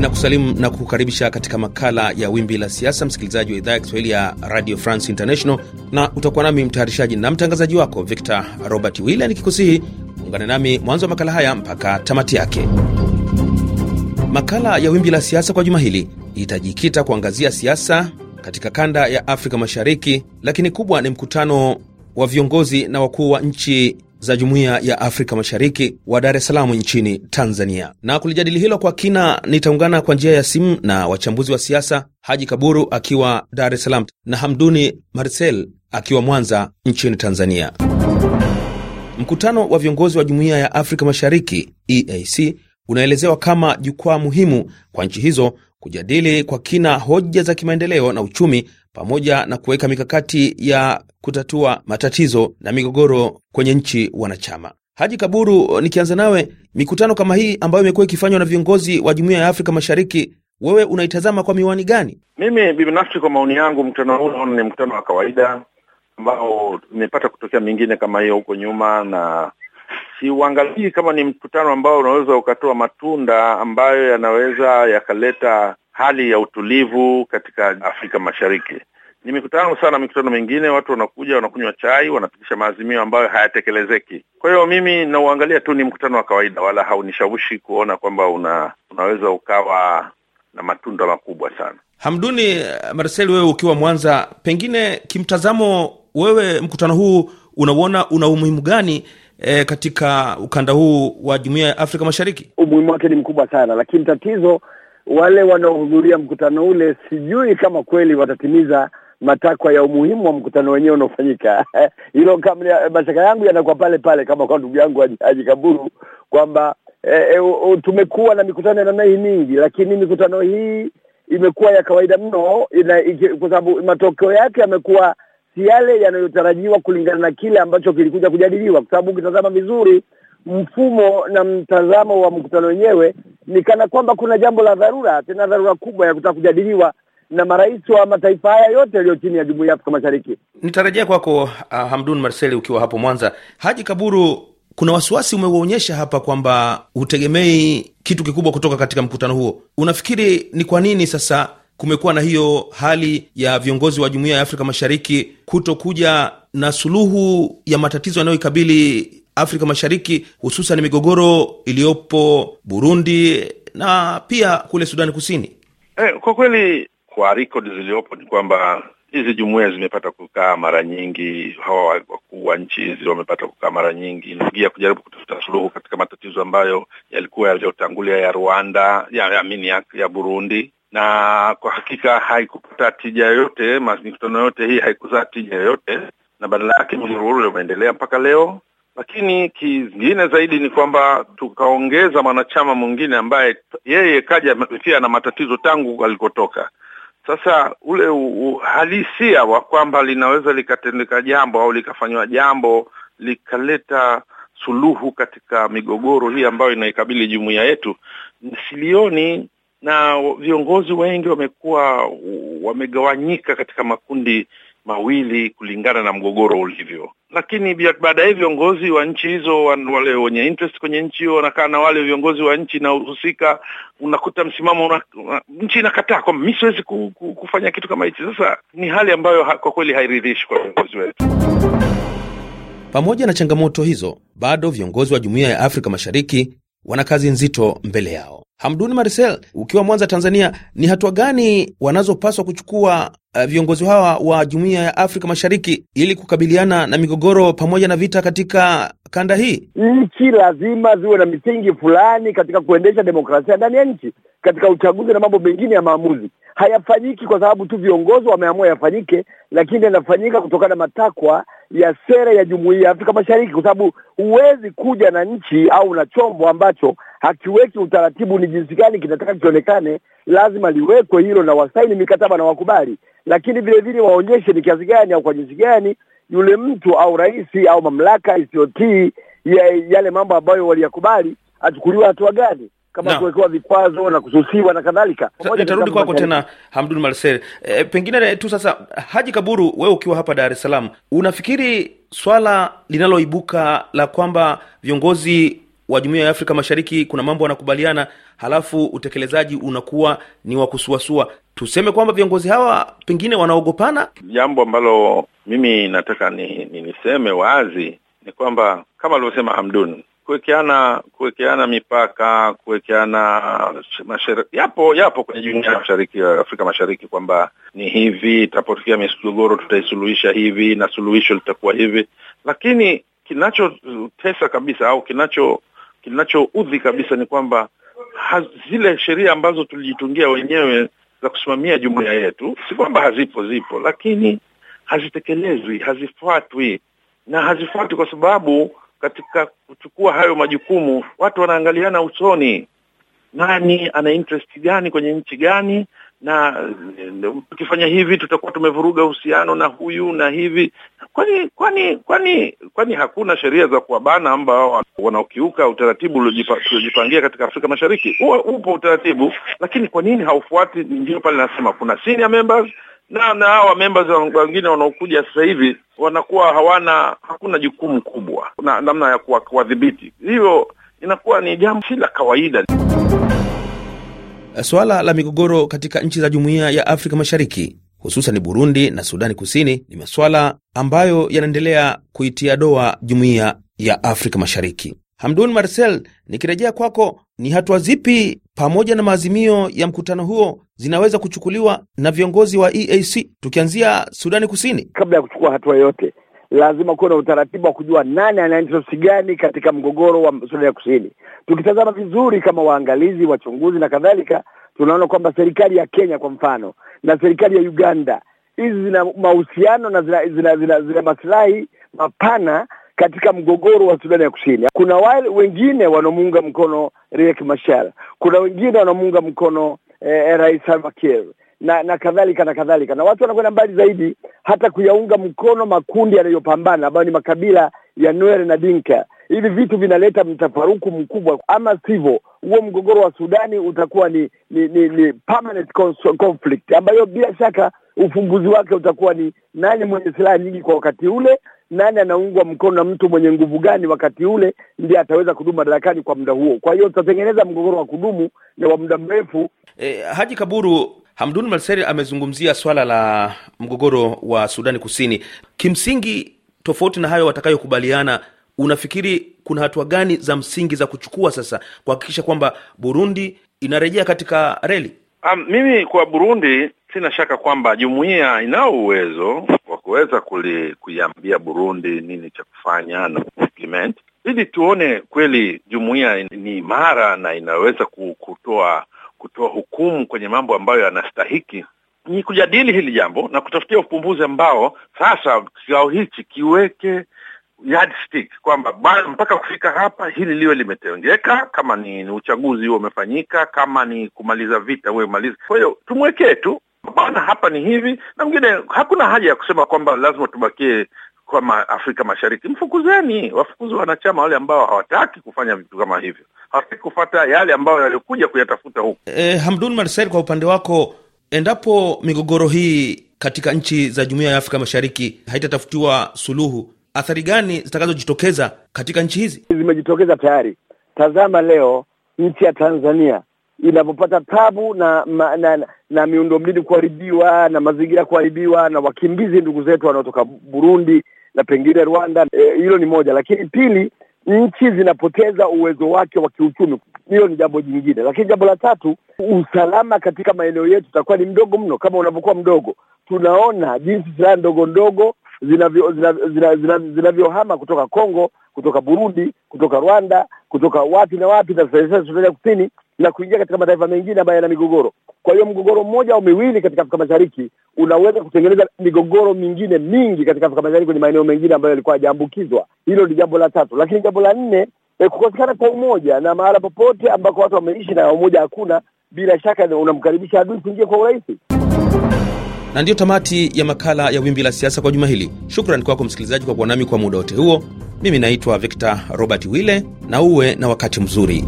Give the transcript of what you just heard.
ninakusalimu na kukukaribisha katika makala ya wimbi la siasa, msikilizaji wa idhaa ya Kiswahili ya Radio France International, na utakuwa nami mtayarishaji na mtangazaji wako Victor Robert Wille, nikikusihi ungane nami mwanzo wa makala haya mpaka tamati yake. Makala ya wimbi la siasa kwa juma hili itajikita kuangazia siasa katika kanda ya Afrika Mashariki, lakini kubwa ni mkutano wa viongozi na wakuu wa nchi za Jumuiya ya Afrika Mashariki wa Dar es Salaam nchini Tanzania. Na kulijadili hilo kwa kina, nitaungana kwa njia ya simu na wachambuzi wa siasa, Haji Kaburu akiwa Dar es Salaam na Hamduni Marcel akiwa Mwanza nchini Tanzania. Mkutano wa viongozi wa Jumuiya ya Afrika Mashariki EAC unaelezewa kama jukwaa muhimu kwa nchi hizo kujadili kwa kina hoja za kimaendeleo na uchumi pamoja na kuweka mikakati ya kutatua matatizo na migogoro kwenye nchi wanachama. Haji Kaburu, nikianza nawe, mikutano kama hii ambayo imekuwa ikifanywa na viongozi wa Jumuiya ya Afrika Mashariki wewe unaitazama kwa miwani gani? Mimi binafsi kwa maoni yangu, mkutano huu naona ni mkutano wa kawaida ambao imepata kutokea mingine kama hiyo huko nyuma, na siuangalii kama ni mkutano ambao unaweza ukatoa matunda ambayo yanaweza yakaleta hali ya utulivu katika Afrika Mashariki. Ni mikutano sana, mikutano mingine watu wanakuja wanakunywa chai, wanapitisha maazimio ambayo hayatekelezeki. Kwa hiyo mimi nauangalia tu ni mkutano wa kawaida, wala haunishawishi kuona kwamba una, unaweza ukawa na matunda makubwa sana. Hamduni Marcel, wewe ukiwa Mwanza, pengine kimtazamo, wewe mkutano huu unauona una umuhimu gani? E, katika ukanda huu wa Jumuiya ya Afrika Mashariki umuhimu wake ni mkubwa sana, lakini tatizo wale wanaohudhuria mkutano ule, sijui kama kweli watatimiza matakwa ya umuhimu wa mkutano wenyewe unaofanyika. Hilo mashaka yangu yanakuwa pale pale, kama kwa ndugu yangu Haji Kaburu kwamba e, e, tumekuwa na mikutano ya namna hii mingi, lakini mikutano hii imekuwa ya kawaida mno, kwa sababu matokeo yake yamekuwa si yale yanayotarajiwa kulingana na kile ambacho kilikuja kujadiliwa, kwa sababu ukitazama vizuri mfumo na mtazamo wa mkutano wenyewe ni kana kwamba kuna jambo la dharura, tena dharura kubwa ya kutaka kujadiliwa na marais wa mataifa haya yote yaliyo chini ya jumuiya ya Afrika Mashariki. Nitarejea kwako uh, Hamdun Marseli ukiwa hapo Mwanza. Haji Kaburu, kuna wasiwasi umeuonyesha hapa kwamba hutegemei kitu kikubwa kutoka katika mkutano huo. Unafikiri ni kwa nini sasa kumekuwa na hiyo hali ya viongozi wa jumuiya ya Afrika Mashariki kutokuja na suluhu ya matatizo yanayoikabili Afrika Mashariki, hususan migogoro iliyopo Burundi na pia kule Sudani Kusini? Eh, kwa kweli kwa rekodi ziliyopo ni kwamba hizi jumuia zimepata kukaa mara nyingi, hawa wakuu wa nchi hizi wamepata kukaa mara nyingi nagia kujaribu kutafuta suluhu katika matatizo ambayo yalikuwa yaliyotangulia ya Rwanda ya mini ya, ya Burundi, na kwa hakika haikupata tija yoyote. Mikutano yote hii haikuzaa tija yoyote, na badala yake mzururu umeendelea mpaka leo lakini kingine zaidi ni kwamba tukaongeza mwanachama mwingine ambaye yeye kaja pia na matatizo tangu alikotoka. Sasa ule uhalisia wa kwamba linaweza likatendeka jambo au likafanywa jambo likaleta suluhu katika migogoro hii ambayo inaikabili jumuiya yetu silioni, na viongozi wengi wamekuwa wamegawanyika katika makundi mawili kulingana na mgogoro ulivyo. Lakini baada ya viongozi wa nchi hizo, wale wenye interest kwenye nchi hiyo wanakaa na wale viongozi wa nchi inahusika unakuta msimamo una, una, nchi inakataa kwamba mi siwezi ku, ku, kufanya kitu kama hichi. Sasa ni hali ambayo ha, kwa kweli hairidhishi kwa viongozi wetu. Pamoja na changamoto hizo, bado viongozi wa Jumuiya ya Afrika Mashariki wana kazi nzito mbele yao. Hamduni Marcel, ukiwa Mwanza, Tanzania, ni hatua gani wanazopaswa kuchukua uh, viongozi hawa wa Jumuiya ya Afrika Mashariki ili kukabiliana na migogoro pamoja na vita katika kanda hii? Nchi lazima ziwe na misingi fulani katika kuendesha demokrasia ndani ya nchi, katika uchaguzi na mambo mengine ya maamuzi. Hayafanyiki kwa sababu tu viongozi wameamua yafanyike, lakini yanafanyika kutokana na matakwa ya sera ya jumuiya ya Afrika Mashariki, kwa sababu huwezi kuja na nchi au na chombo ambacho hakiweki utaratibu ni jinsi gani kinataka kionekane. Lazima liwekwe hilo na wasaini mikataba na wakubali, lakini vilevile waonyeshe ni kiasi gani au kwa jinsi gani yule mtu au rais au mamlaka isiyotii ya, yale mambo ambayo waliyakubali achukuliwa hatua gani kama kuwekewa vikwazo na kususiwa na kadhalika. Nitarudi kwako tena Hamdun Marcel. E, pengine tu sasa, Haji Kaburu, wewe ukiwa hapa Dar es Salaam, unafikiri swala linaloibuka la kwamba viongozi wa Jumuiya ya Afrika Mashariki kuna mambo wanakubaliana, halafu utekelezaji unakuwa ni wa kusuasua, tuseme kwamba viongozi hawa pengine wanaogopana. Jambo ambalo mimi nataka ni, ni niseme wazi ni kwamba kama alivyosema Hamdun, kuwekeana kuwekeana mipaka, kuwekeana yapo yapo kwenye jumuia ya mashariki ya Afrika Mashariki, kwamba ni hivi, itapotokea migogoro tutaisuluhisha hivi na suluhisho litakuwa hivi, lakini kinachotesa kabisa au kinacho kinachoudhi kabisa ni kwamba zile sheria ambazo tulijitungia wenyewe za kusimamia jumuiya yetu, si kwamba hazipo, zipo, lakini hazitekelezwi, hazifuatwi, na hazifuatwi kwa sababu katika kuchukua hayo majukumu watu wanaangaliana usoni, nani ana interest gani kwenye nchi gani, na tukifanya eh, hivi tutakuwa tumevuruga uhusiano na huyu na hivi. Kwani kwani kwani kwani hakuna sheria za kuwabana ambao wanaokiuka utaratibu uliojipangia katika Afrika Mashariki? Huwa upo utaratibu, lakini kwa nini haufuati? Ndio pale nasema kuna senior members na na hawa members wengine wanaokuja sasa hivi wanakuwa hawana hakuna jukumu kubwa na namna ya kuwadhibiti, hivyo inakuwa ni jambo si la kawaida. Swala la migogoro katika nchi za Jumuiya ya Afrika Mashariki hususan Burundi na Sudani Kusini ni masuala ambayo yanaendelea kuitia doa jumuiya ya Afrika Mashariki. Hamdun Marcel, nikirejea kwako, ni hatua zipi pamoja na maazimio ya mkutano huo zinaweza kuchukuliwa na viongozi wa EAC tukianzia Sudani Kusini? Kabla ya kuchukua hatua yoyote, lazima kuwe na utaratibu wa kujua nani ana interest gani katika mgogoro wa Sudani ya Kusini. Tukitazama vizuri, kama waangalizi, wachunguzi na kadhalika, tunaona kwamba serikali ya Kenya kwa mfano na serikali ya Uganda hizi zina mahusiano na zina, zina, zina, zina maslahi mapana katika mgogoro wa Sudani ya Kusini. Kuna wale wengine wanamuunga mkono Riek Machar, kuna wengine wanamuunga mkono eh, Rais Salva Kiir na na kadhalika na kadhalika, na watu wanakwenda mbali zaidi hata kuyaunga mkono makundi yanayopambana ambayo ni makabila ya Nuer na Dinka hivi vitu vinaleta mtafaruku mkubwa, ama sivyo huo mgogoro wa Sudani utakuwa ni ni, ni, ni permanent conflict ambayo bila shaka ufumbuzi wake utakuwa ni nani mwenye silaha nyingi kwa wakati ule, nani anaungwa mkono na mtu mwenye nguvu gani wakati ule, ndiye ataweza kudumu madarakani kwa muda huo. Kwa hiyo tutatengeneza mgogoro wa kudumu na wa muda mrefu. E, Haji Kaburu, Hamdun malseri amezungumzia swala la mgogoro wa Sudani Kusini. Kimsingi, tofauti na hayo watakayokubaliana unafikiri kuna hatua gani za msingi za kuchukua sasa kuhakikisha kwamba Burundi inarejea katika reli? Um, mimi kwa Burundi sina shaka kwamba jumuiya inao uwezo wa kuweza kuiambia Burundi nini cha kufanya na implement ili tuone kweli jumuiya ni imara na inaweza kutoa kutoa hukumu kwenye mambo ambayo yanastahiki. Ni kujadili hili jambo na kutafutia ufumbuzi ambao sasa kikao hichi kiweke yardstick kwamba mpaka kufika hapa hili liwe limetengeka. Kama ni, ni uchaguzi huo umefanyika, kama ni kumaliza vita huwe maliza. Kwa hiyo tumwekee tu bana, hapa ni hivi na mwingine. Hakuna haja ya kusema kwamba lazima tubakie kama Afrika Mashariki. Mfukuzeni, wafukuzi wanachama wale ambao hawataki kufanya vitu kama hivyo, hawataki kufata yale ambayo yaliokuja kuyatafuta huku E, eh, Hamdun Marsel, kwa upande wako, endapo migogoro hii katika nchi za Jumuiya ya Afrika Mashariki haitatafutiwa suluhu athari gani zitakazojitokeza katika nchi hizi? Zimejitokeza tayari. Tazama leo nchi ya Tanzania inapopata tabu na, na, na, na miundombinu kuharibiwa na mazingira kuharibiwa na wakimbizi ndugu zetu wanaotoka Burundi na pengine Rwanda. E, hilo e, ni moja, lakini pili, nchi zinapoteza uwezo wake wa kiuchumi. Hilo ni jambo jingine, lakini jambo la tatu, usalama katika maeneo yetu utakuwa ni mdogo mno. Kama unavyokuwa mdogo, tunaona jinsi silaha ndogo ndogo zinavyohama zina, zina, zina, zina kutoka Kongo, kutoka Burundi, kutoka Rwanda, kutoka wapi na wapi na Sudani Kusini na kuingia katika mataifa mengine ambayo yana migogoro. Kwa hiyo mgogoro mmoja au miwili katika Afrika Mashariki unaweza kutengeneza migogoro mingine mingi katika Afrika Mashariki kwenye maeneo mengine ambayo yalikuwa hajaambukizwa. Hilo ni jambo la tatu, lakini jambo la nne E, kukosekana kwa umoja na mahala popote ambako watu wameishi na umoja hakuna, bila shaka unamkaribisha adui kuingia kwa urahisi na ndiyo tamati ya makala ya Wimbi la Siasa kwa juma hili. Shukran kwako msikilizaji kwa kuwa nami kwa muda wote huo. Mimi naitwa Victor Robert Wille, na uwe na wakati mzuri.